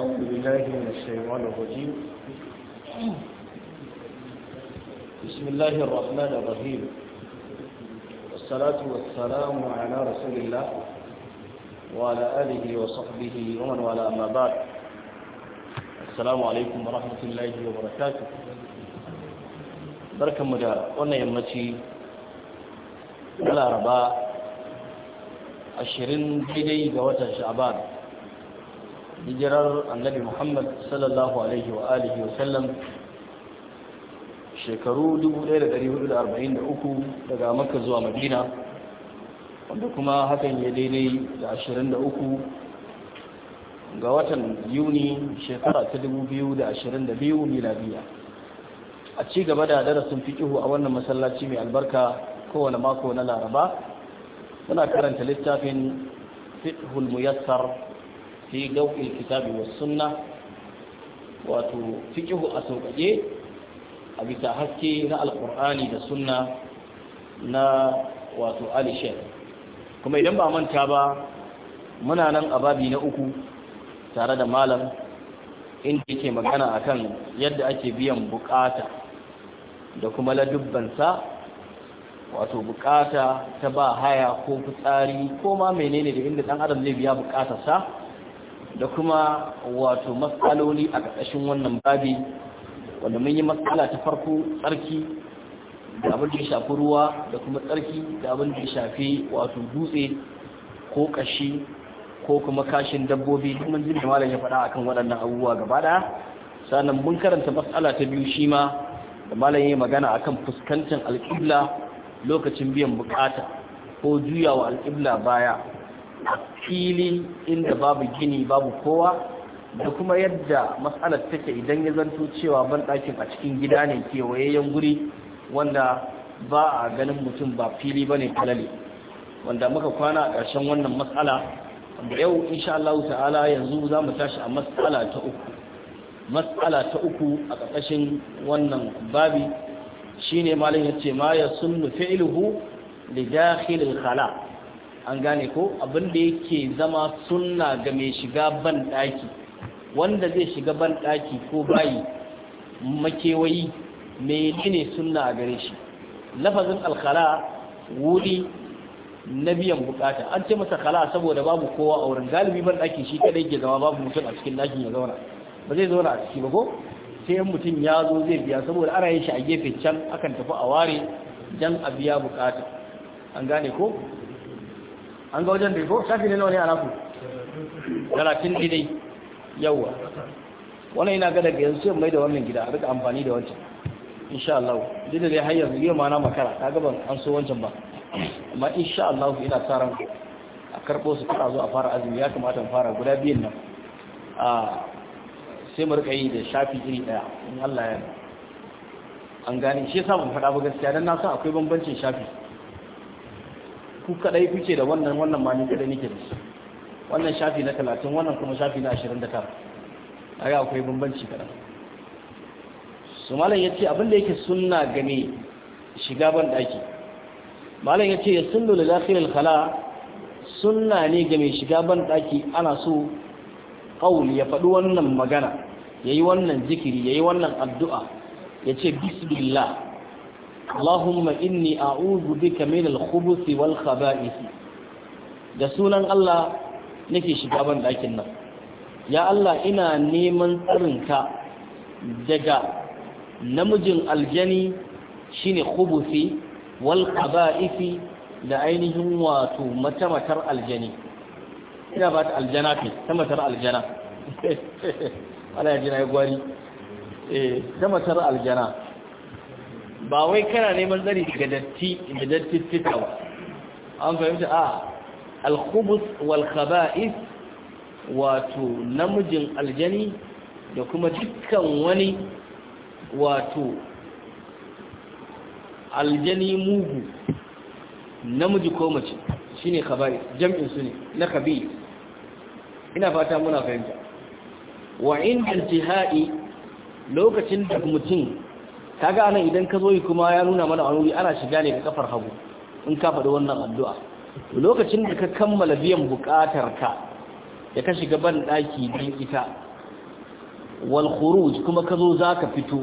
أعوذ بالله من الشيطان الرجيم بسم الله الرحمن الرحيم والصلاة والسلام على رسول الله وعلى آله وصحبه ومن وعلى أما بعد السلام عليكم ورحمة الله وبركاته بركة مجارة وانا يمتي على رباء عشرين بيدي ga watan hijirar annabi muhammad sallallahu alaihi wa alihi wasallam shekaru 1443 daga makka zuwa madina wanda kuma hakan ya daidai da 23 ga watan yuni shekara ta 2022 miladiya a ci gaba da darasin fikihu a wannan masallaci mai albarka kowane mako na laraba Suna karanta littafin fiqhul muyassar fi gawil kitabi was sunna wato fiqhu a sauƙaƙe a bisa haske na alƙur'ani da sunna na wato alishe kuma idan ba manta ba muna nan a babi na uku tare da malam inda yake magana akan yadda ake biyan bukata da kuma ladubbansa wato bukata ta ba haya ko fitsari ko ma menene da inda ɗan adam zai biya bukatarsa da kuma wato matsaloli a ƙarƙashin wannan babi wanda mun yi matsala ta farko tsarki da abin da ya shafi ruwa da kuma tsarki da abin da ya shafi wato dutse ko ƙashi ko kuma kashin dabbobi duk mun jirgin malam ya faɗa akan waɗannan abubuwa gaba ɗaya sannan mun karanta matsala ta biyu shi ma da malam ya magana a kan fuskantar alƙibla lokacin biyan bukata ko juyawa alƙibla baya fili inda babu gini babu kowa da kuma yadda matsalar take idan ya zanto cewa banɗakin a cikin gida ne kewayayyen guri wanda ba a ganin mutum ba fili ba ne kalale wanda muka kwana a ƙarshen wannan matsala da yau insha Allah ta'ala yanzu za mu tashi a matsala ta uku matsala ta uku a ƙarƙashin wannan babi shine malam ce ma ya yasunnu fi'luhu li dakhil al-khala' an gane ko abin da yake zama sunna ga mai shiga ban daki wanda zai shiga ban daki ko bayi makewayi mai ne sunna a gare shi lafazin alkhala wuri na biyan bukata an ce masa khala saboda babu kowa a wurin galibi ban daki shi kadai ke zama babu mutum a cikin dakin ya zauna ba zai zauna a ciki ba ko sai mutum ya zo zai biya saboda ana yin shi a gefe can akan tafi a ware jan a biya bukata an gane ko an ga wajen beko shafi ne nawa ne a naku talatin daidai yawa wannan ina ga daga yanzu sai mai da wannan gida a rika amfani da wancan insha Allah dide da dai har yanzu yau mana makara ta gaban an so wancan ba amma insha Allah ina sa ran a karɓo su kada zo a fara azumi ya kamata mu fara guda biyan nan a sai mu rika yi da shafi iri daya in Allah ya an gane shi yasa ban faɗa ba gaskiya dan na san akwai bambancin shafi ku kadai kuke da wannan wannan ma ni kadai nake da shi wannan shafi na 30 wannan kuma shafi na 29 aga akwai bambanci kada su malam yace abin da yake sunna game shiga ban daki malam yace ya sunnu lil al khala sunna ne game shiga ban daki ana so qaul ya faɗi wannan magana yayi wannan zikiri yayi wannan addu'a yace bismillah Allahumma inni a'udhu bika min al-khubuth wal khaba'ith da sunan Allah nake shiga ban dakin nan ya Allah ina neman tsarinka daga namijin aljani shine khubuthi wal khaba'ith da ainihin wato matamatar aljani ina ba ta aljana ce ta matar aljana ana jina ya gwari eh ta matar aljana ba wai kana neman tsari daga datti da dattittika ba an fahimta a alkhubus wal wato namijin aljani da kuma dukkan wani wato aljani mugu namiji ko mace shine khaba'is jam'in su ne na khabith ina fata muna fahimta wa inda intihai lokacin da mutum kaga anan idan ka zo yi kuma ya nuna mana wani ana shiga ne da kafar hagu in ka faɗi wannan addu'a lokacin da ka kammala biyan buƙatar ka ya ka shiga ban ɗaki din ita wal khuruj kuma ka zo za ka fito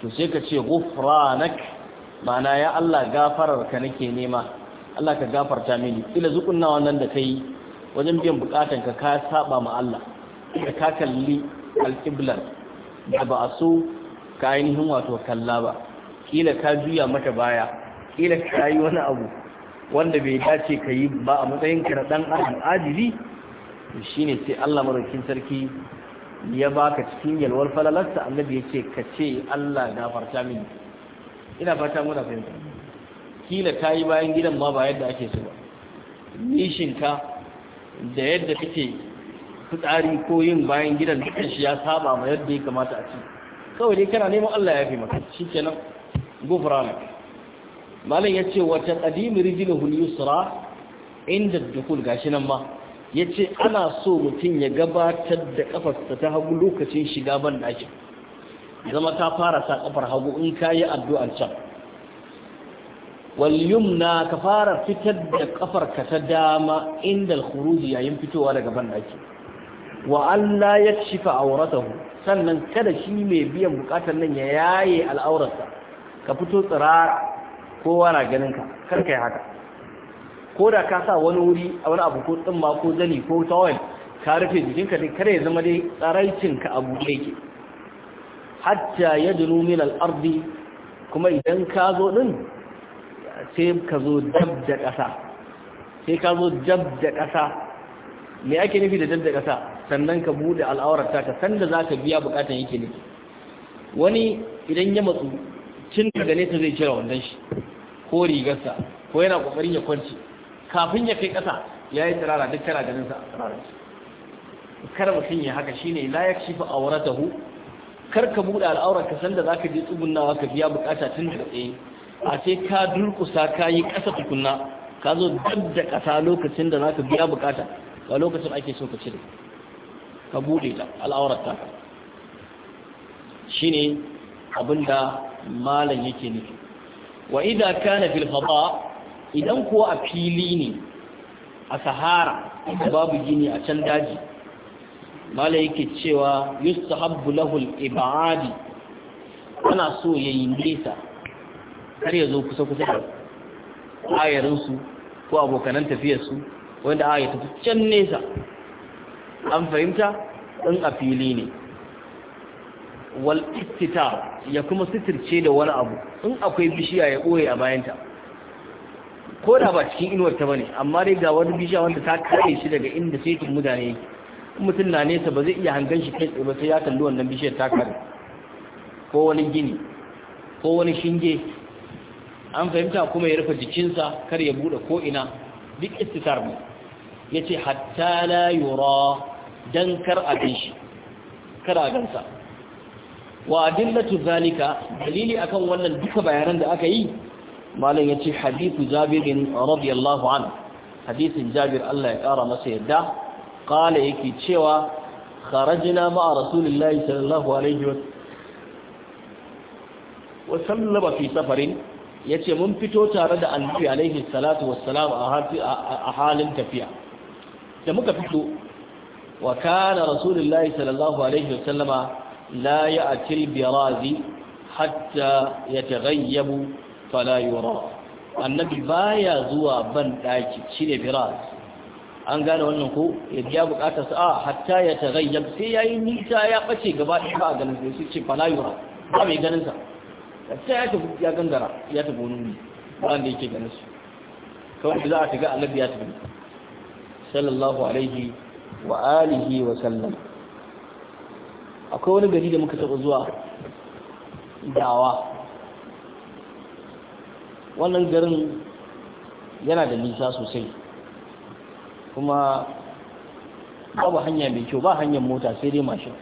to sai ka ce ghufranak mana ya Allah gafarar ka nake nema Allah ka gafarta mini ila zukunna wannan da kai wajen biyan buƙatar ka ka saba ma Allah da ka kalli alƙiblar da ba a so ka ainihin wato kalla ba kila ka juya mata baya kila ka yi wani abu wanda bai dace ka yi ba a matsayin ka na dan adam ajili ne sai Allah madaukakin sarki ya baka cikin yalwar falalarsa annabi ya ce ka ce Allah gafarta mini ina fata muna fahimta kila ta yi bayan gidan ma ba yadda ake so ba nishinka da yadda kake fitsari ko yin bayan gidan dukkan shi ya saba ma yadda ya kamata a ci kawai dai kana neman Allah ya fi maka shikenan gufrana malam yace wata taqdim rijlihi al-yusra inda dukul gashi nan ma ce ana so mutum ya gabatar da ƙafarsa ta hagu lokacin shiga ban daki zama ta fara sa ƙafar hagu in ka yi addu'ar can waliyum na ka fara fitar da ƙafarka ta dama inda al yayin fitowa daga ban daki wa Allah ya shifa auratahu sannan kada shi mai biyan bukatar nan ya yaye al'aurarsa ka fito tsirara kowa na ganin ka kar kai haka ko da ka sa wani wuri a wani abu ko tsimma ko zani ko tawel ka rufe jikinka dai kada ya zama dai ka abu buɗe ke hatta ya dunu min al'ardi kuma idan ka zo din sai ka zo dab da ƙasa sai ka zo dab da me ake nufi da dab da ƙasa sannan ka bude ta ka sanda za ka biya bukatan yake ne wani idan ya matsu cin gane ta zai cire wandon shi ko rigarsa ko yana kokarin ya kwance kafin ya kai kasa ya yi tsirara duk kana ganin sa a kar mutum ya haka shine la yakshifu awratahu kar ka bude al'aurar ka sanda ka je tsugunnawa ka biya bukata tun da tsaye a sai ka durkusa ka yi kasa tukunna ka zo dab da kasa lokacin da za ka biya bukata ba lokacin ake so ka cire ka buɗe ta al'aurarta shi ne abinda malam yake nufi wa idan kana fil idan kuwa a fili ne a sahara babu gini a can daji malam yake cewa yustahabbu lahu ibadi ana so yayi nesa har ya zo kusa kusa da ayarin ko abokanan tafiyarsu wanda aya ta can nesa an fahimta in a fili ne wal istitar ya kuma sitirce da wani abu in akwai bishiya ya ɓoye a bayanta ko da ba cikin inuwar ta bane amma dai ga wani bishiya wanda ta kare shi daga inda saitin mutane yake mutum na nesa ba zai iya hangan shi kai tsaye ba sai ya kalli wannan bishiyar ta kare ko wani gini ko wani shinge an fahimta kuma ya rufe jikinsa kar ya bude ko ina duk istitar mu yace hatta la yura dan kar a shi kar wa adillatu zalika dalili akan wannan duka bayanan da aka yi malam yace hadithu jabirin radiyallahu anhu hadisin jabir Allah ya kara masa yadda qala yake cewa kharajina ma'a rasulillahi sallallahu alaihi wa wa sallama fi safarin yace mun fito tare da annabi alaihi salatu wassalam a halin tafiya da muka fito wa kana rasulullahi sallallahu alaihi wasallama la ya'ti birazi hatta yataghayyabu fala yura annabi baya zuwa banɗaki daki shine biraz an gane wannan ko ya bukatar sa hatta yataghayyab sai yayi nita ya bace gaba ɗaya ba ganin sai su ce fala yura ba mai ganin sa sai ya tafi ya gangara ya tafi wani wuri wanda yake ganin su kawai za a shiga annabi ya tafi sallallahu alaihi wa alihi wa sallam akwai wani gari da muka taɓa zuwa dawa wannan garin yana da nisa sosai kuma babu hanya mai kyau ba hanyar mota sai dai mashin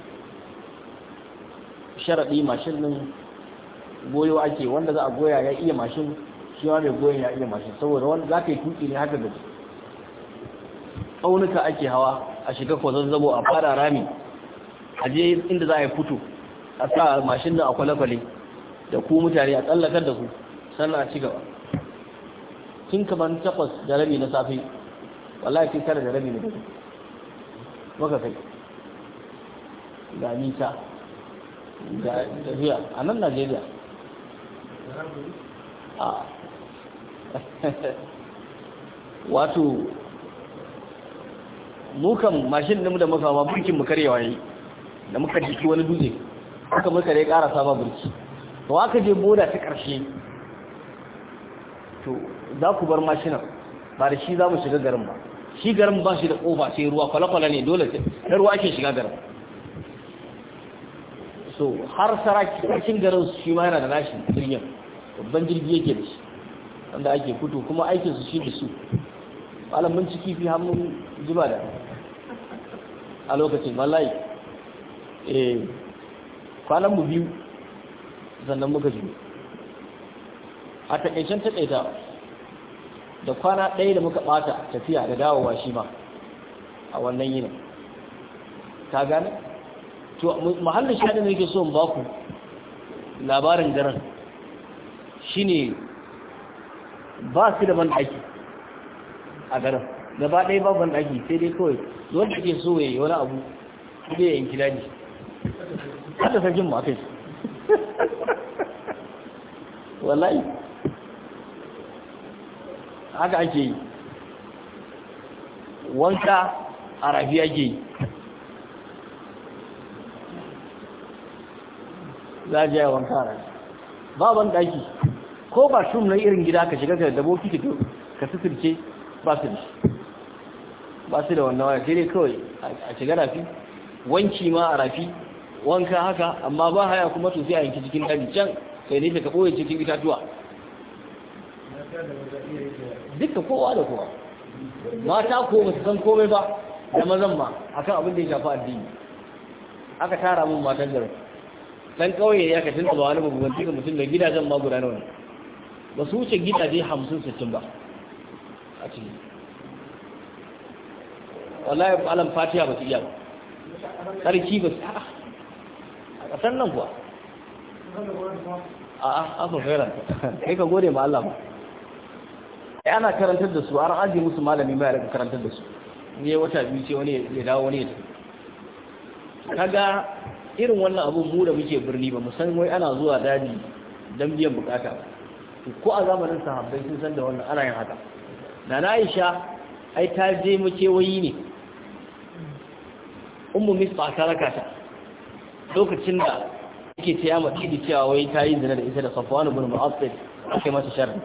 sharaɗi mashin ɗin goyo ake wanda za a goya ya iya mashin shi ma mai goyon ya iya mashin saboda wanda za ka yi tuki ne haka da tsaunuka ake hawa a shiga zabo a fara rami a je inda za a yi fito a sa mashin da a kwale-kwale da ku mutane a tsallakar da ku sannan a ci gaba Kin kamar takwas da rabi na safe wallahi kin tara da rabi na dare maka kai ga nisa ga tafiya a nan najeriya A wato mu kan mashin da muka ba burkin mu karewa yi da muka jiki wani dutse aka muka dai ƙara saba burki to aka je boda ta ƙarshe to za ku bar mashinan ba da shi za mu shiga garin ba shi garin ba shi da ƙofa sai ruwa kwale-kwale ne dole sai ruwa ake shiga garin so har saraki cikin garin shi ma yana da nashi jirgin babban jirgi yake da shi wanda ake fito kuma aikinsu shi da su malamin ciki fi hannun zuba da a lokacin wallahi eh kwanan mu biyu sannan muka ji a takaicen takaita da kwana ɗaya da muka ɓata tafiya da dawowa shi ma a wannan yinin ka gane to mahallin shaɗin da yake so ba baku labarin daren shine ba su da ban aiki a garin gaba ɗaya ba ban ɗaki sai dai kawai wanda ke so ya yi wani abu zai yanki daji hada sarkin mu wallahi haka ake yi wanka a rafi ake yi za a jaya wanka a rafi baban ɗaki ko ba shum na irin gida ka shiga ka dabo kike ka sisirce ba su da shi ba su da wannan waya sai dai kawai a shiga rafi wanki ma a rafi wanka haka amma ba haya kuma sosai a yanki cikin daji can kai ne ka ɓoye cikin itatuwa dukkan kowa da kowa mata ko ba su san komai ba da mazan ma akan abin da ya shafi addini aka tara mun matan garin dan kauye ya ka tunta ba wani babban tuka mutum da gidajen ma guda nawa ne ba su wuce gidaje hamsin sittin ba a ciki wallahi alam fatiha ba su iya ba sarki ba su a ƙasar nan kuwa a afin fairan kai ka gode ma Allah ba ai ana karantar da su an aji musu malami mai rika karantar da su ne wata biyu ce wani ya dawo wani ya tafi kaga irin wannan abun mu da muke birni ba mu san wai ana zuwa daji don biyan bukata ko a zamanin sahabbai sun san da wannan ana yin haka da na aisha ai ta je wayi ne ummu misba ta raka ta lokacin da yake ta ta yi cewa wai ta yi zina da ita da safwan ibn mu'affir akai mata sharri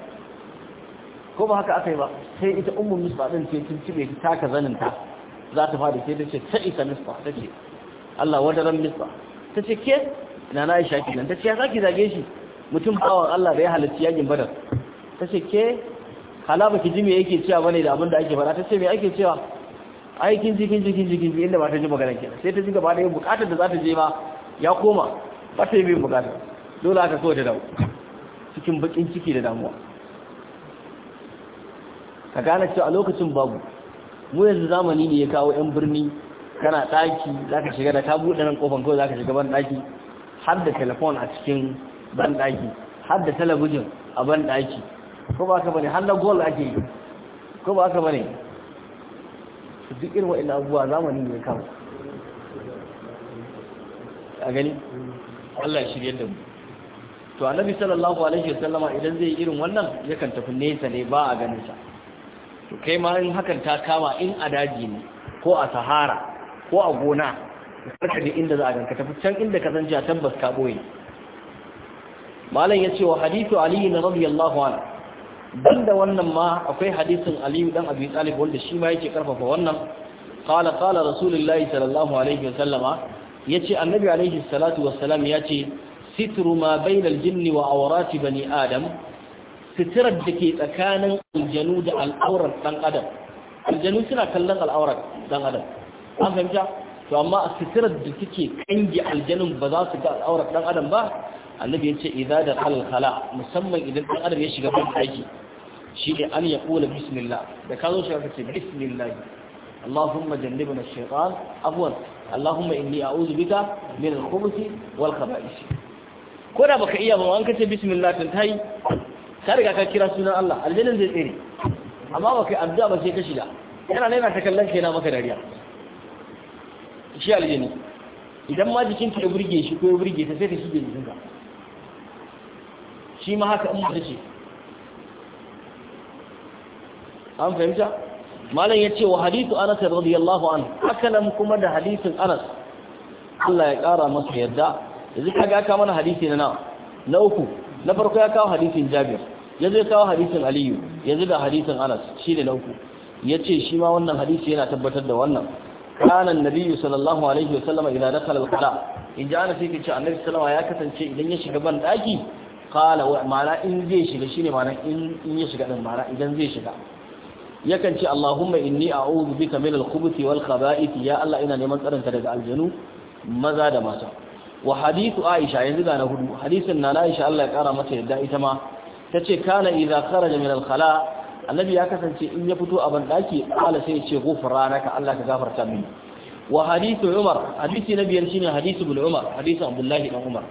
ko ba haka aka yi ba sai ita ummu misba din ce tun cibe ta taka zanin ta za ta fada sai ta ce ta isa misba ta ce Allah wadaran misba ta ce ke na na shaki nan ta ce ya zaki zage shi mutum bawan Allah da ya halarci yakin Badar ta ce ke hala baki ji me yake cewa bane da abin da ake fara ta ce me ake cewa Aikin jikin jikin jikin jikin kin ji ji inda ba ta ji magana kenan sai ta ji gaba ɗaya bukatar da za ta je ma ya koma ba ta yi mai bukata dole aka so ta dawo cikin bakin ciki da damuwa ka gane cewa a lokacin babu mu yanzu zamani ne ya kawo yan birni kana ɗaki za ka shiga da ka buɗe nan kofan kawai za ka shiga ban ɗaki har da telefon a cikin ban ɗaki har da talabijin a ban ɗaki ko ba ka bane har na gol ake ko ba ka bane su duk irin wa'in abubuwa zamani ne kama a gani Allah shirye da mu to annabi sallallahu alaihi wasallama idan zai irin wannan yakan tafi nesa ne ba a ganin sa to kai ma in hakan ta kama in a daji ne ko a sahara ko a gona ka da inda za a ganka tafi can inda ka san tabbas ka boye malam ya ce wa hadithu ali radiyallahu anhu banda wannan ma akwai hadisin aliyu dan abi talib wanda shi ma yake karfafa wannan qala qala rasulullahi sallallahu alaihi wasallama yace annabi alaihi salatu wassalam yace sitru ma bainal jinni wa awrati bani adam sitirar da ke tsakanin aljanu da al'aurar dan adam aljanu suna kallon al'aurar dan adam an fahimta to amma sitirar da take kange aljanun ba za su ga al'aurar dan adam ba annabi ya ce idza da khala musamman idan dan adam ya shiga ban aiki shi ne an ya kula bismillah da ka zo shi aka ce bismillah Allahumma jannibna ash-shaytan afwan Allahumma inni a'udhu bika min al-khubuthi wal khaba'ith ko da baka iya ba an kace bismillah tun tai ka riga ka kira sunan Allah aljannan zai tsere amma baka addu'a ba sai ka shiga yana ne ta kallon kai na maka dariya shi aljanni idan ma jikin ya burge shi ko ya burge ta sai ta shige jikinka shi ma haka in ta ce an fahimta malam ya ce wa hadithu anas radiyallahu anhu haka nan kuma da hadithin anas Allah ya kara masa yarda yanzu kaga aka mana hadisi na nawa na uku na farko ya kawo hadisin Jabir yanzu ya kawo hadisin Aliyu yanzu da hadisin Anas shi shine na uku ya ce shi ma wannan hadisi yana tabbatar da wannan kana annabi sallallahu alaihi wasallam idan dakala al-qala in ji Anas yake cewa annabi sallallahu ya kasance idan ya shiga ban daki qala wa ma'ana in zai shiga shine ma'ana in in ya shiga din ma'ana idan zai shiga yakan ce Allahumma inni a'udhu bika min al-khubuthi wal khaba'ith ya Allah ina neman tsaronka daga aljanu maza da mata wa hadithu Aisha yanzu ga na hudu hadisin na Aisha Allah ya kara mata yadda ita ma tace kana idza kharaja min al-khala annabi ya kasance in ya fito a ban daki Allah sai ya ce ghufranaka Allah ka gafarta mini wa hadithu Umar hadisi na biyar shine hadithu ibn Umar hadisin Abdullah ibn Umar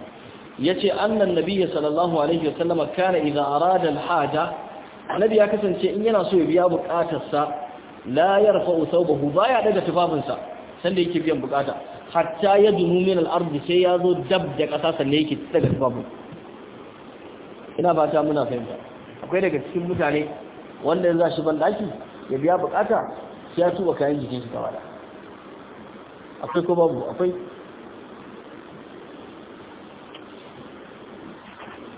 yace annan nabiyyi sallallahu alaihi wasallam kana idza arada al-haja annabi ya kasance in yana so ya biya bukatarsa la yarfa'u thawbahu baya daga tufafinsa sanda yake biyan bukata hatta dunu min al-ardi sai ya zo dab da kasa sanne yake daga tufafin ina ba ta muna fahimta akwai daga cikin mutane wanda ya shi ban daki ya biya bukata sai ya tuba kayan jikin shi gaba da akwai ko babu akwai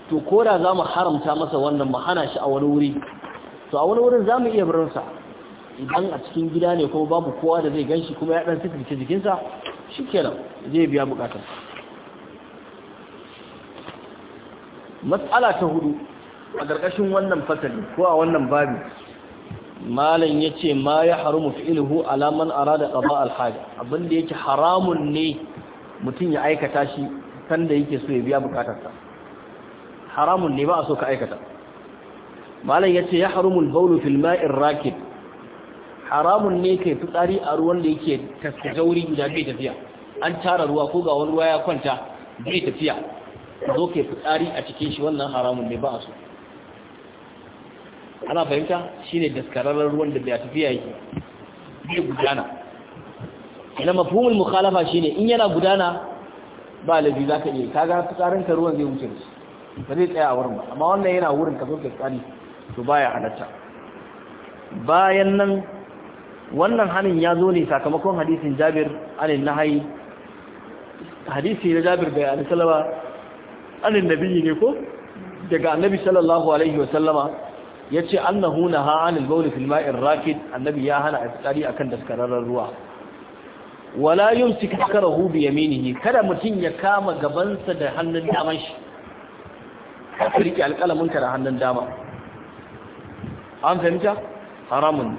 to ko da za mu haramta masa wannan mu hana shi a wani wuri to a wani wurin za mu iya barinsa idan a cikin gida ne kuma babu kowa da zai ganshi kuma ya ɗan sifirce jikinsa shi kenan zai biya bukatar matsala ta hudu a ƙarƙashin wannan fasali ko a wannan babi malam ya ce ma ya haramu ilhu alaman arada qada al-haja abinda yake haramun ne mutum ya aikata shi kan da yake so ya biya bukatarsa haramun ne ba a so ka aikata malam ya ce ya harumul baulu fil ma'in rakib haramun ne kai fitsari a ruwan da yake taskajauri guda bai tafiya an tara ruwa ko ga wani ruwa ya kwanta bai tafiya zo kai fitsari a cikin shi wannan haramun ne ba a so ana fahimta shi ne daskararren ruwan da bai tafiya yake bai gudana ina mafhumul mukhalafa shine in yana gudana ba labi ka iya kaga fitsarin ka ruwan zai wuce shi ba zai tsaya a wurin ba amma wannan yana wurin ka zo ka tsari to baya halatta bayan nan wannan hanin ya zo ne sakamakon hadisin Jabir alin nahayi hadisi na Jabir bai alisalama alin nabiyyi ne ko daga annabi sallallahu alaihi wa sallama ya ce, annahu naha anil bawl fil ma'ir rakid annabi ya hana a tsari akan daskararren ruwa wala yumsik karahu bi yaminihi kada mutun ya kama gabansa da hannun dama shi ka riƙe alƙalaminka da hannun dama an fahimta haramun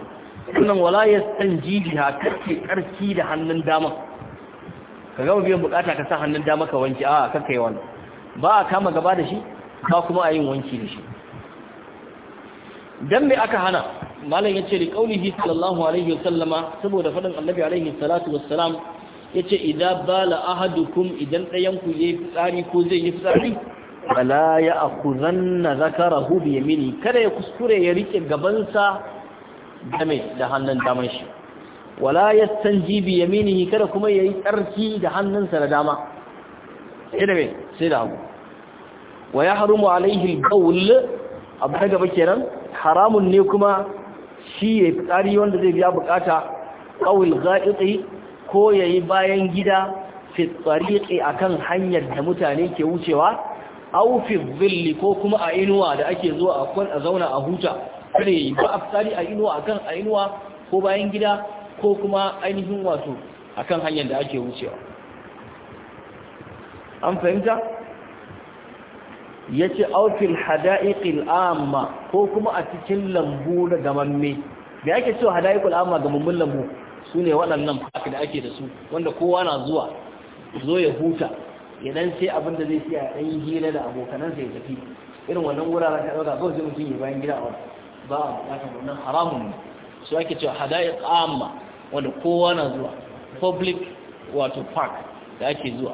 sunan wala ya san jijiya karke ƙarfi da hannun dama ka gama biyan bukata ka sa hannun dama ka wanki a karka yi wani ba a kama gaba da shi ba kuma a yin wanki da shi don mai aka hana malam ya ce da kaulihi sallallahu alaihi wasallama saboda faɗin annabi alaihi salatu wassalam ya ce idan bala ahadukum idan ɗayanku ya yi fitsari ko zai yi fitsari Wala ya akuzanna zakarahu bi yamini kada ya kuskure ya rike gabansa game da hannun daman shi wala yastanji bi yaminihi kada kuma yayi tsarki da hannunsa da dama sai da me sai da hagu wa yahrumu alaihi al abu ta gaba kenan haramun ne kuma shi ya fitsari wanda zai biya bukata qawil ghaiqi ko yayi bayan gida fi a akan hanyar da mutane ke wucewa Aufin zilli ko kuma a inuwa da ake zuwa a kwan a zauna a huta kare ba a fitsari a inuwa kan a inuwa ko bayan gida ko kuma ainihin wato a kan hanyar da ake wucewa an fahimta Ya ce, aufin hada'iqil amma ko kuma a cikin lambu da gamamme da yake cewa al'amma amma mummun lambu su ne waɗannan fak da ake da su wanda kowa na zuwa zo ya huta idan sai abin da zai siya ɗan yi hira da abokanansa ya tafi irin wannan wuraren ka ɗauka kawai mutum ya bayan gida a wani ba a buƙatar wannan haramun ne su ake cewa hada'iq ƙamma wanda kowa na zuwa public wato park da ake zuwa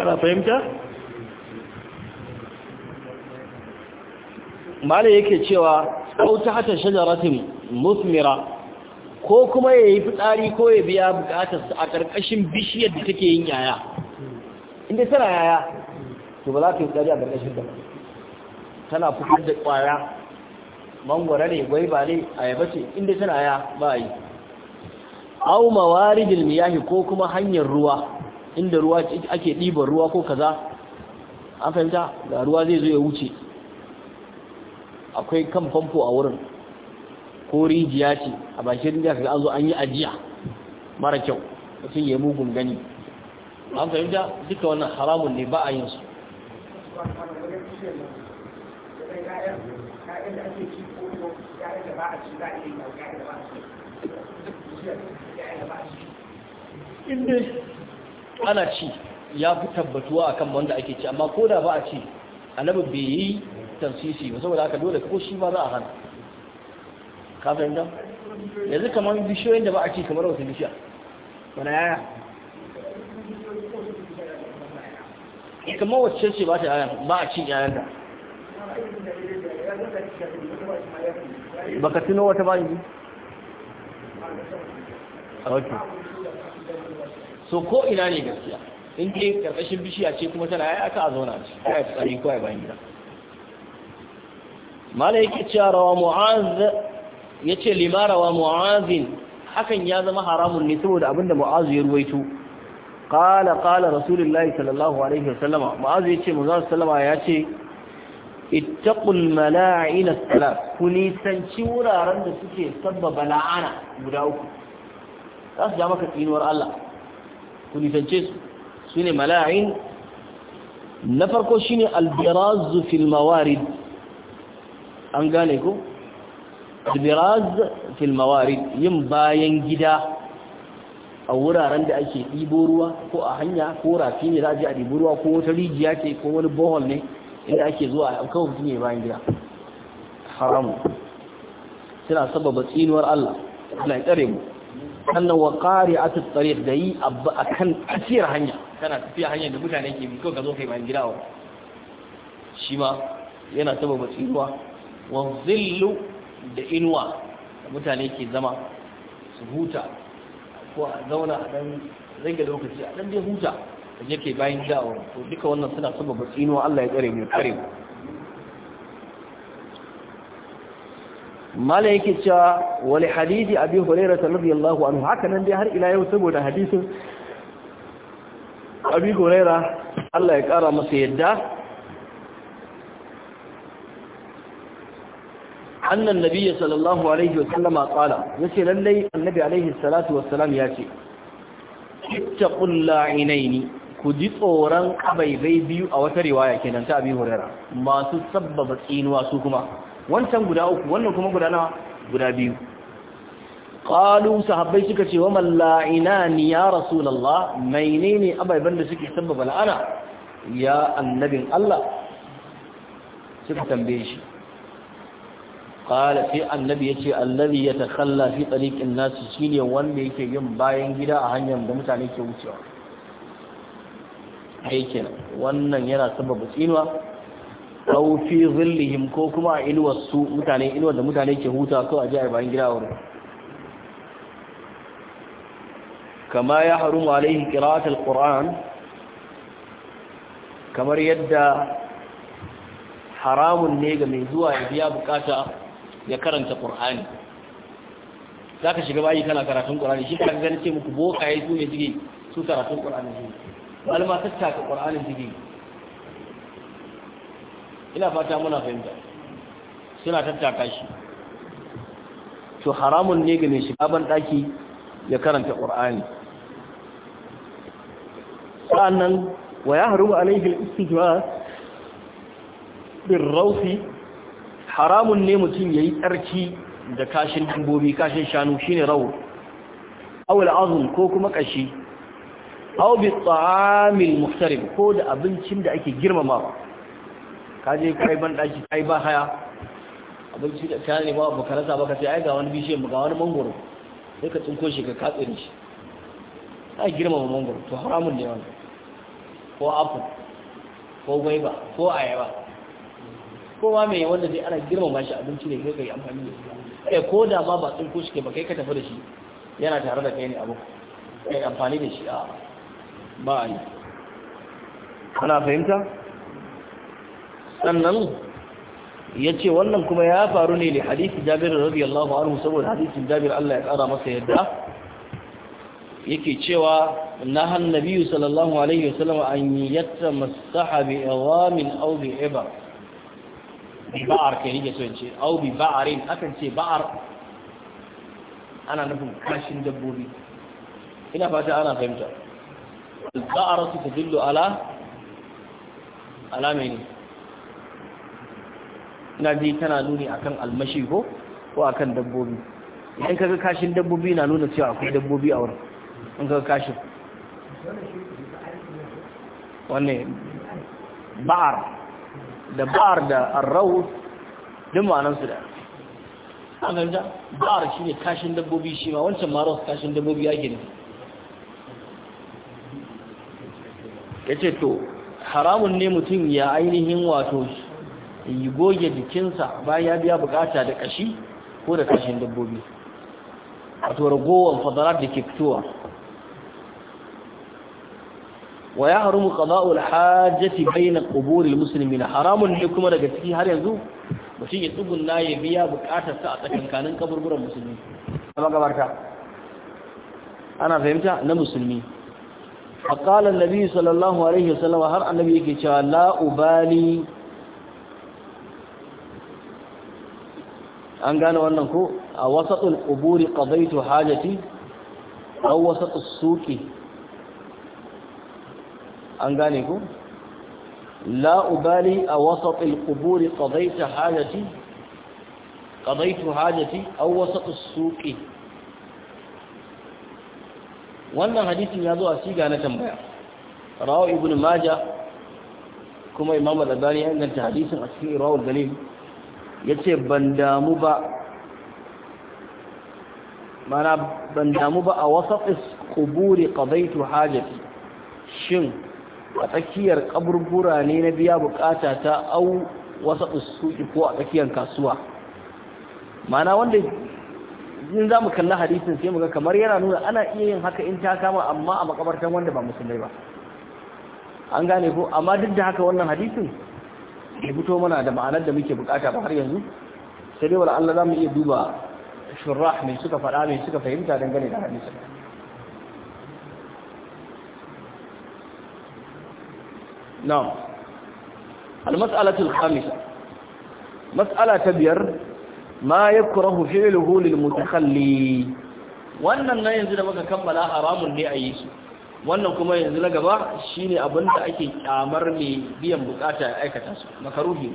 ana fahimta? mala yake cewa ta hata shajaratin musmira ko kuma ya yi fitsari ko ya biya bukatarsa a ƙarƙashin bishiyar da take yin yaya inda tana yaya to ba za ta yi fitsari a ƙarƙashin da tana fitar da ƙwara mangwara ne gwai ba ne ayaba ce inda tana yaya ba a yi au ya miyahi ko kuma hanyar ruwa inda ruwa ake ɗiban ruwa ko kaza an fahimta ga ruwa zai zo ya wuce akwai kan famfo a wurin ko rijiya ce a bakin rijiya ka an zo an yi ajiya mara kyau sun yi mugun gani an fahimta duka wannan haramun ne ba a yin su inda ana ci ya fi tabbatuwa akan wanda ake ci amma ko da ba a ci annabi bai yi tansisi ba saboda aka dole ko shi ma za a hana ka fahimta yanzu kamar bishiyoyin da ba a ci kamar wasu bishiya wani yaya kamar wacce ce ba ta yayan ba a ci yayan da baka tuno wata bayi yi ok so ko ina ne gaskiya in ke karkashin bishiya ce kuma tana yaya aka a zauna ce ya yi tsari kawai bayan gida ما yake cewa رواه معاذ yace wa mu'azin hakan ya zama haramun ne saboda abinda mu'azu ya ruwaito qala qala rasulullahi sallallahu alaihi wasallama mu'azu ce manzo sallama ya ce ittaqul mala'in as-salat kuni sanci wuraren da suke sabbaba la'ana guda uku za su ja maka tsinuwar Allah kuni sance su ne mala'in na farko shine al-biraz fil mawarid an gane ko albiraz fil mawarid yin bayan gida a wuraren da ake ɗibo ruwa ko a hanya ko rafi ne za a ɗibo ruwa ko wata rijiya ce ko wani bohol ne inda ake zuwa a kawo mutum ya bayan gida haramu suna sababa tsinuwar Allah suna tsare mu sannan wa qari'atu tariq da yi a kan hanya kana tafiya hanyar da mutane ke bi ko ka zo kai bayan gida wa shi ma yana sababa tsinuwa wa zillu da inuwa da mutane ke zama su huta ko a zauna a dan rage lokaci a dan dai huta da yake bayan da'awa to duka wannan suna sababa inuwa Allah ya tsare mu tsare mu mala yake cewa wali hadisi abi hurairah radiyallahu anhu haka nan dai har ila yau saboda hadisin abi hurairah Allah ya kara masa yadda annan nabiyyi sallallahu alaihi wasallama qala yace lallai annabi alaihi salatu wassalam yace ittaqul la'inaini ku ji tsoron kabaibai biyu a wata riwaya kenan ta abi hurairah masu sabbaba tsinuwa su kuma wancan guda uku wannan kuma guda nawa guda biyu qalu sahabbai suka ce wa man la'inani ya rasulullah mainene abaiban da suke sabbaba la'ana ya annabin Allah suka tambaye shi qala sai annabi yace allazi yatakhalla fi tariqin nas shine wanda yake yin bayan gida a hanyar da mutane ke wucewa ai wannan yana sababa tsinuwa aw fi zillihim ko kuma a ilwar su mutane ilwar da mutane ke huta ko a ji a bayan gida wurin kama ya harumu alaihi qira'at alquran kamar yadda haramun ne ga mai zuwa ya biya bukata ya karanta za ka shiga bayi kana karatun ƙur'ani shi ta gani ce muku ya su ne jige su karatun qur'ani ne malama tattaka qur'anin jige ina fata muna fahimta suna tattaka shi to haramun ne ga mai shiga ban ɗaki ya karanta Sa'an nan wa ya yahrumu alayhi al-istijwa bin rawfi haramun ne mutum yayi tsarki da kashin dambobi kashin shanu shine rawu aw al'azm ko kuma kashi aw bi ta'amil muhtarib ko da abincin da ake girmamawa kaje kai ban daki kai ba haya abinci da kai ne ba karasa ba ka sai ai ga wani bishe mu ga wani mangoro sai ka tsinko shi ka katse shi ai girmama mangoro to haramun ne wannan ko apple ko gwaiba ko ayaba kowa mai wanda zai ana girmama shi abinci ne kai kai amfani da shi kai ko da ma ba tsinko shi ke ba kai ka tafi da shi yana tare da kai ne abu kai amfani da shi a ba a yi ana fahimta sannan ya ce wannan kuma ya faru ne da hadisi jabir radiyallahu anhu saboda hadisin jabir Allah ya tsara masa yadda yake cewa na nabiyyu sallallahu alaihi wasallam an yattamassaha bi awamin aw bi ibar bi ba'ar ke nake so ce au bi ba'arin akan ce ba'ar ana nufin kashin dabbobi ina fata ana fahimta ba'ar su dillo ala mai ne ina zai tana nuni akan almashi ko ko akan dabbobi idan kaga kashin dabbobi na nuna cewa akwai dabbobi a wurin in kaga kashin wannan ba'ar da ba'ar da arrahu duk su da a ba'ar shi ne kashin dabbobi shi ma wancan maros kashin dabbobi ya gina ya ce to haramun ne mutum ya ainihin wato yi goge jikinsa bayan ya biya bukata da kashi ko da kashin dabbobi to ragowar fadarar da ke fitowa waya ya harumu qada'ul hajjati bayna quburil muslimin haramun ne kuma daga ciki har yanzu mutum ya tsugunna ya biya bukatar sa a tsakankanin kaburburan musulmi kuma gabarta ana fahimta na musulmi faqala annabi sallallahu alaihi wasallam har annabi yake cewa la ubali an gane wannan ko a wasatul quburi qadaitu hajati aw wasatus suqi an gane ku la ubali a wasat al-qubur qadayta hajati qadaytu hajati aw wasat as-suqi wannan hadisin ya zo a siga na tambaya rawu ibn maja kuma imam al-albani ya inganta hadisin a cikin rawul galil yace ban damu ba mana ban damu ba a wasaqis quburi qadaitu hajati shin a tsakiyar kaburbura ne na biya bukata ta au wasa usuki ko a tsakiyar kasuwa mana wanda in za mu kalla hadisin sai mu ga kamar yana nuna ana iya yin haka in ta kama amma a makabartan wanda ba musulmai ba an gane ko amma duk da haka wannan hadisin ya fito mana da ma'anar da muke bukata ba har yanzu sai dai wala Allah za mu iya duba shurrah mai suka faɗa mai suka fahimta dangane da hadisin na'am al-mas'alatu al ta biyar ma yakrahu fi'luhu lil mutakhalli wannan nan yanzu da muka kammala haramun ne a yi su wannan kuma yanzu na gaba shine abin da ake kyamar mai biyan bukata ya aikata su makaruhi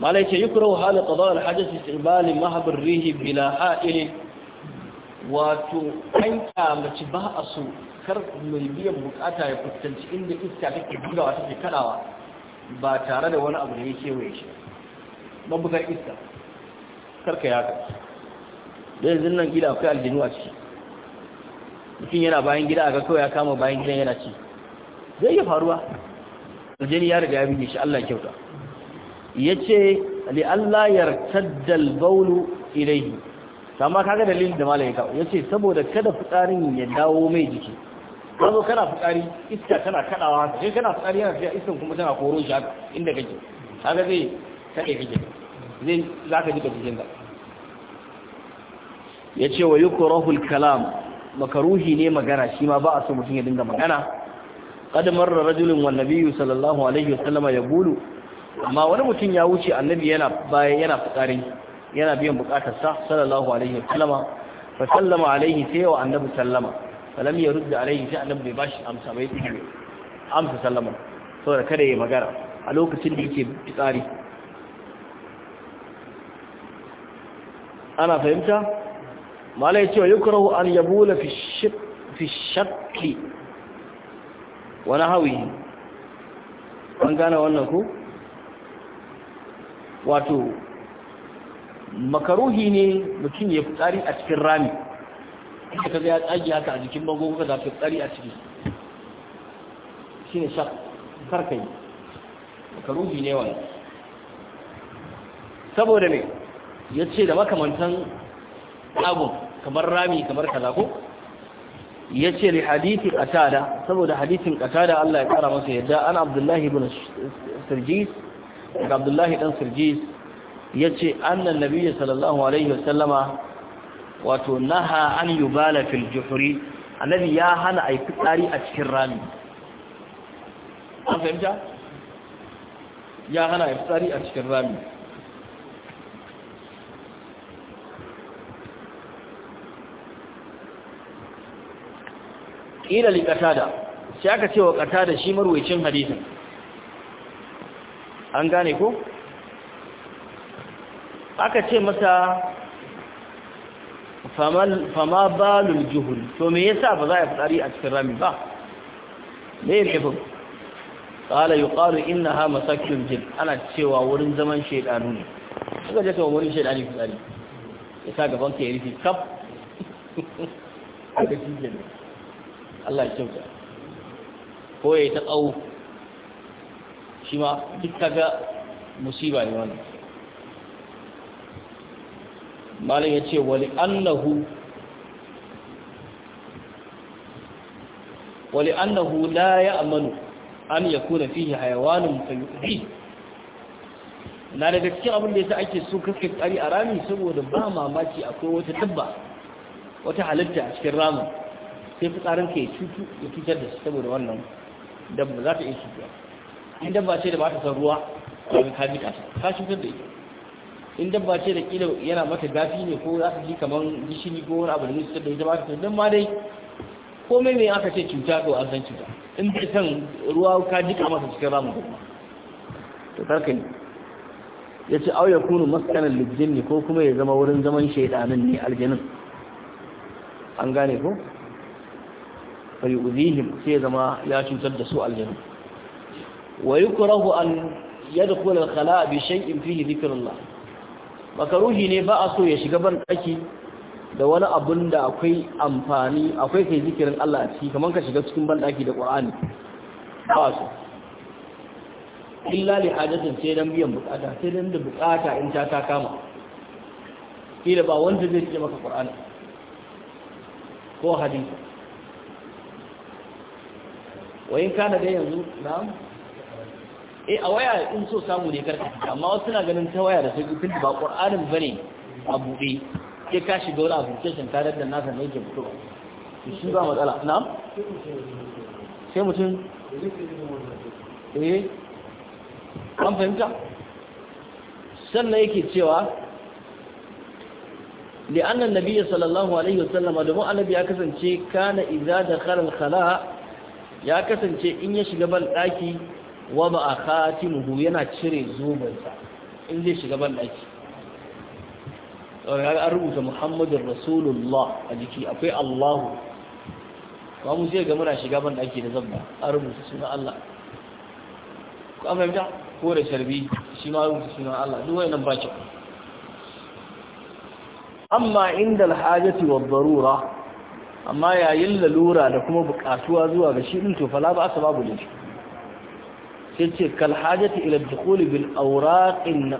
malai ce yukrahu hal qada al-hajj istiqbal mahab ar-rih bila ha'il wato an mace ba a so kar mai biyan bukata ya fuskanci inda iska take bugawa take kadawa ba tare da wani abu da ya kewaye shi mabugar iska karka ya kai da yanzu nan gida akwai aljinu a ciki mutum yana bayan gida a ga kawai ya kama bayan gidan yana ci zai iya faruwa aljini ya riga ya bige shi Allah kyauta yace li Allah yartadda al-bawlu ilayhi amma kaga dalilin da malamin ya kawo yace saboda kada fitarin ya dawo mai jiki ka zo kana fitari iska tana kadawa sai kana fitari yana fiya iskan kuma tana koro shi haka inda kake kaga zai kade kake zai zaka ji ka cikin da yace wa yukrahu al-kalam makaruhi ne magana shi ma ba a so mutum ya dinga magana qad marra rajulun wan nabiyyu sallallahu alaihi wasallama yaqulu amma wani mutum ya wuce annabi yana baya yana fitari yana biyan bukatarsa sallallahu alaihi wasallama fa sallama alaihi sai wa annabi sallama falam ya rudda alaihi sai annabi bai bashi amsa bai ba, amsa sallama saboda kada ya magana a lokacin da yake fitsari ana fahimta mala ya ce wa yukrahu an yabula fi shib fi shakki wa nahawi an gane wannan ko wato makaruhi ne mutum ya fitsari a cikin rami inda ka ga ya tsage haka a jikin bango kuka zafi fitsari a ciki shine shak karkai makaruhi ne wani saboda ne ya ce da makamantan abun kamar rami kamar kaza ko ya ce li hadithin qatada saboda hadithin qatada Allah ya kara masa yadda ana abdullahi ibn sirjis daga abdullahi dan sirjis Ya yace annan nabiyyi sallallahu alaihi wasallama wato naha an bala fil jihuri, annabi ya hana fitsari a cikin rami an fahimta ya hana yi fitsari a cikin rami ƙila li ƙatada sai aka ce wa ƙatada shi marwacin hadisin an gane ko aka ce masa fama balul juhul to me yasa ba za a fitsari a cikin rami ba me ne fa qala yuqalu innaha masakil jin ana cewa wurin zaman shedanu ne suka je cewa wurin shedani fitsari yasa gaban ka yi rufi kaf aka Allah ya kyauta ko yayi ta tsawo shi ma duk kaga musiba ne wannan malam ya ce wali annahu wali annahu la ya amanu an ya kuna fiye hayawanin fayyuki na daga cikin abin da ya sa ake so kaske tsari a rami saboda ba mamaki akwai wata dabba wata halitta a cikin ramin sai fitsarin ka ya cutu ya cutar da su saboda wannan dabba za ta iya cutuwa in dabba ce da ba ta san ruwa ka bi ka ta cutar da ita in dabba ce da kila yana mata gafi ne ko za ta ji kamar gishiri ko wani abu da nisa da ita ta don ma dai komai mai aka ce cuta to an san cuta in ta san ruwa ka kamar masa cikin ramin kuma to karka ne ya ce auya kunu maskanan lijin ne ko kuma ya zama wurin zaman shaidanin ne aljanin an gane ko yi uzihim sai ya zama ya cutar da su aljanin wa yukrahu an yadkhul al-khala' in shay'in zikirin Allah? makaruhi ne ba a so ya shiga ban daki da wani abun da akwai amfani akwai kai zikirin Allah a ciki kamar ka shiga cikin ban daki da Qur'ani ba so illa li hajatin sai dan biyan bukata sai dan da bukata in ta ta kama kila ba wanda zai ce maka Qur'ani ko hadisi wa kana da yanzu na'am eh a waya in so samu ne karka amma wasu na ganin ta waya da sai gufin ba ƙwar'anin ba ne a buɗe sai dole shiga wani application ka daddan nasa ne yake fito shi ba matsala na sai mutum eh an fahimta sannan yake cewa li'annan nabiyyi sallallahu alaihi wasallama domin annabi ya kasance kana idza dakhala al-khala ya kasance in ya shiga ban daki Wa ba a kati khatimuhu yana cire zobensa in zai shiga ban daki an rubuta muhammadin rasulullah a jiki akwai allahu ba mu sai ga muna shiga ban daki da zabba an rubuta suna allah ko an fahimta ko da sharbi shi ma rubuta suna allah duk nan ba kyau amma inda alhajati wa barura, amma yayin lalura da kuma bukatuwa zuwa ga shi din to fala ba asbabu ne sai ce kal hajati ila dukhul bil awraq an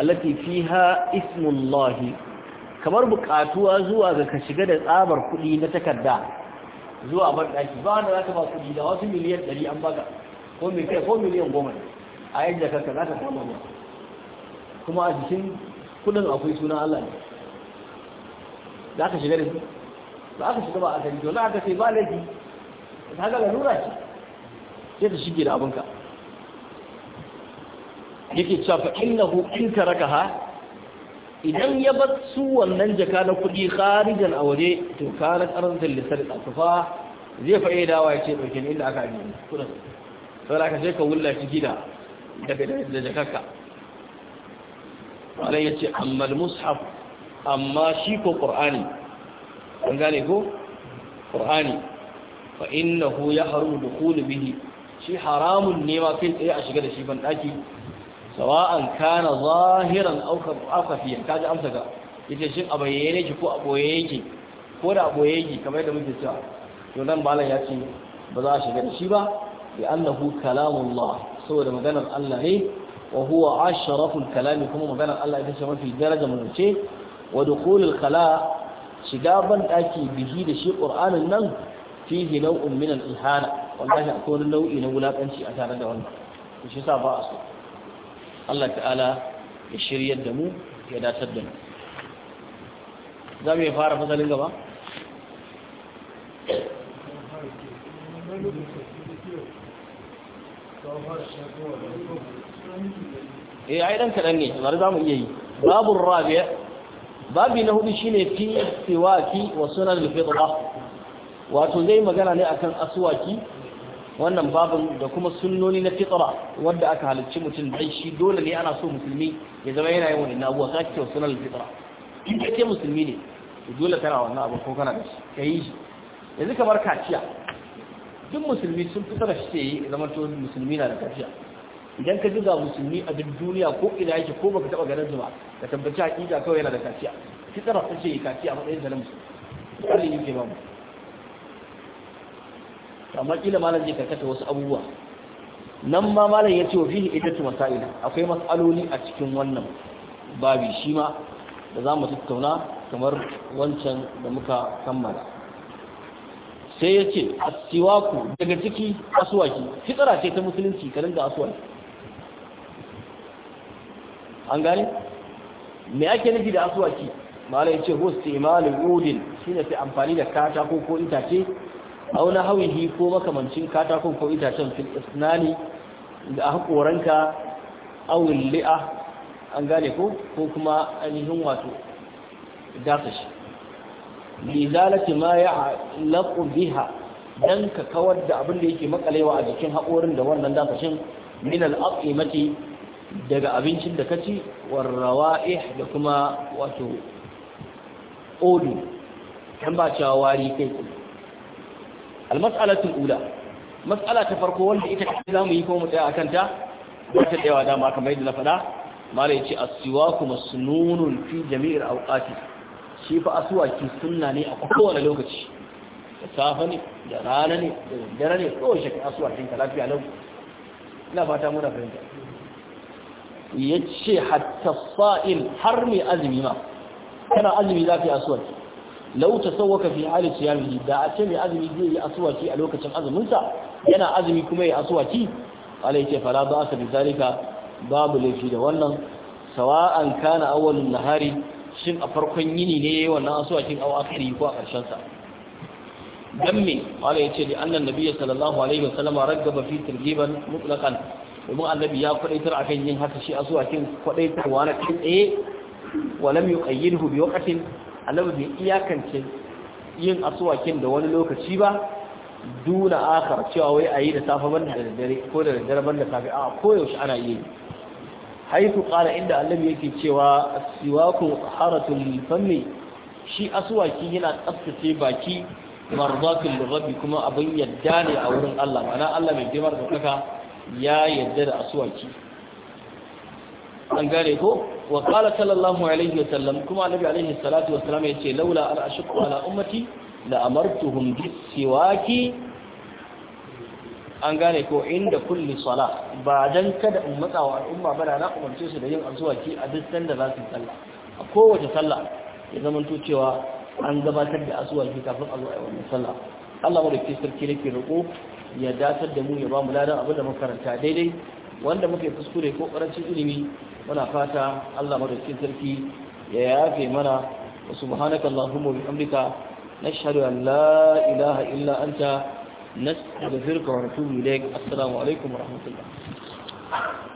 allati fiha ismullah kamar bukatuwa zuwa ga ka shiga da tsabar na takarda zuwa ban daki ba wanda zaka ba da wasu miliyan 100 an baka ko ko miliyan 10 a yadda kanka zaka kama ba kuma a cikin kudin akwai sunan Allah ne zaka shiga da ba aka shiga ba a kan dole aka sai ba laifi ga lura ce sai ta shige da abinka yake cewa fa innahu in tarakaha idan ya bar su wannan jaka na kudi kharijan a waje to kana arzan lisan alfa zai fa dawa ya ce dauke ni inda aka ajiye kudin sai aka sai ka wulla shi gida daga da jakarka Allah ya ce amma al-mushaf amma shi ko qur'ani an gane ko qur'ani fa innahu yahrumu dukhul bihi shi haramun ne ma fil ɗaya a shiga da shi ban ɗaki sawa'an kana zahiran aukafiya kaji amsa ga yace shin a bayyane yake ko a boye yake ko da a boye yake kamar da muke cewa to nan malam ya ce ba za a shiga da shi ba bi annahu kalamullah saboda maganar Allah ne wa huwa sharafun kalami kuma maganar Allah ita ce mafi daraja mun ce wa dukhulul khala shiga ban daki bihi da shi qur'anin nan fihi nau'un min al-ihana wallahi akwai wani nau'i na wulakanci a tare da wannan to shi sa ba a so Allah ta'ala ya shiryar da mu ya datar da mu za mu fara fasalin gaba eh ai dan kadan ne bari za mu iya yi babun rabi'a babi na hudu shine fi siwaki wa sunan al-fidda wato zai magana ne akan aswaki wannan babin da kuma sunnoni na fitra wanda aka halicci mutum dai shi dole ne ana so musulmi ya zama yana yin wannan abuwa ka ce sunan fitra in ka ce musulmi ne to dole kana wannan abu ko kana da shi ka yi shi yanzu kamar kaciya duk musulmi sun fi fitar shi sai yi zaman to musulmi na da kaciya idan ka duba musulmi a duk duniya ko ina yake ko baka taba ganin zuwa ka tabbaci hakika kawai yana da kaciya fitra ta ce kaciya a matsayin da na musulmi Allah yake ba mu amma kila malam zai karkata wasu abubuwa nan ma malam ya ce wa fihi iddatu masaila akwai mas'aloli a cikin wannan babi shi ma da za mu tattauna kamar wancan da muka kammala sai ya ce asiwaku daga ciki asuwaki fitsara ce ta musulunci ka dinga asuwaki an gane me ake nufi da asuwaki malam ya ce huwa odin shi shine sai amfani da katako ko itace auna hawihi ko makamancin katakon ko itacen fil isnani da haƙoranka awil li'a an gane ko ko kuma ainihin wato dasa shi lizalati ma ya laqu biha dan ka kawar da abin da yake makalewa a jikin haƙorin da wannan dafashin min al-aqimati daga abincin da kaci war rawa'ih da kuma wato odu kan ba wari kai almas'alatul ula mas'ala ta farko wanda ita za mu yi ko mu tsaya akan ta ba ta tsayawa dama kamar yadda na faɗa mala yace as-siwaku masnunun fi jami'ir awqati shi fa aswaki sunna ne a kowane lokaci da safe ne da rana ne da dare ne ko shi aswakin ka lafiya lau ina fata muna fahimta yace hatta sa'il har mai azumi ma kana azumi lafiya ka aswaki لو تسوق في حال صيامه دا اتمي ازمي جي اسواكي ا لوكاتن ازمن سا ينا ازمي كوما ي قال يتي فلا باس بذلك باب لفي ده wannan سواء كان اول النهار شن افركن يني ني wannan اسواكين او اخري كو اخرشن سا دمي قال يتي لان النبي صلى الله عليه وسلم رغب في ترجيبا مطلقا ومن النبي يا فديتر اكن يين هكا شي اسواكين فديتر وانا إيه، ولم يقينه بوقت annabi bai iyakance yin asuwakin da wani lokaci ba duna akar cewa wai a yi da safa banda da dare ko da dare banda safi a koyaushe ana yi haitu qala inda annabi yake cewa siwakun haratu fanni shi asuwaki yana tsaftace baki marzatul lurabi kuma abin yadda ne a wurin Allah mana Allah mai girma da kaka ya yadda da asuwaki an gane ko wa qala sallallahu alaihi wasallam kuma annabi alaihi salatu wasallam yace laula an ashqu ala ummati la amartuhum bis siwaki an gane ko inda kulli sala ba dan kada in matsa wa al'umma ba na umarce su da yin azwaki a duk sanda za su sallah a kowace sallah ya zama to cewa an gabatar da azwaki kafin a zo a wannan sallah Allah mu da ke sarki nake roƙo ya datar da mu ya ba mu ladan abin da muka karanta daidai wanda muke yi kuskure ko karancin ilimi muna fata Allah madaukakin sarki ya yafe mana wa subhanaka allahumma bihamdika nashhadu an la ilaha illa anta nastaghfiruka wa natubu ilaik assalamu alaikum wa rahmatullah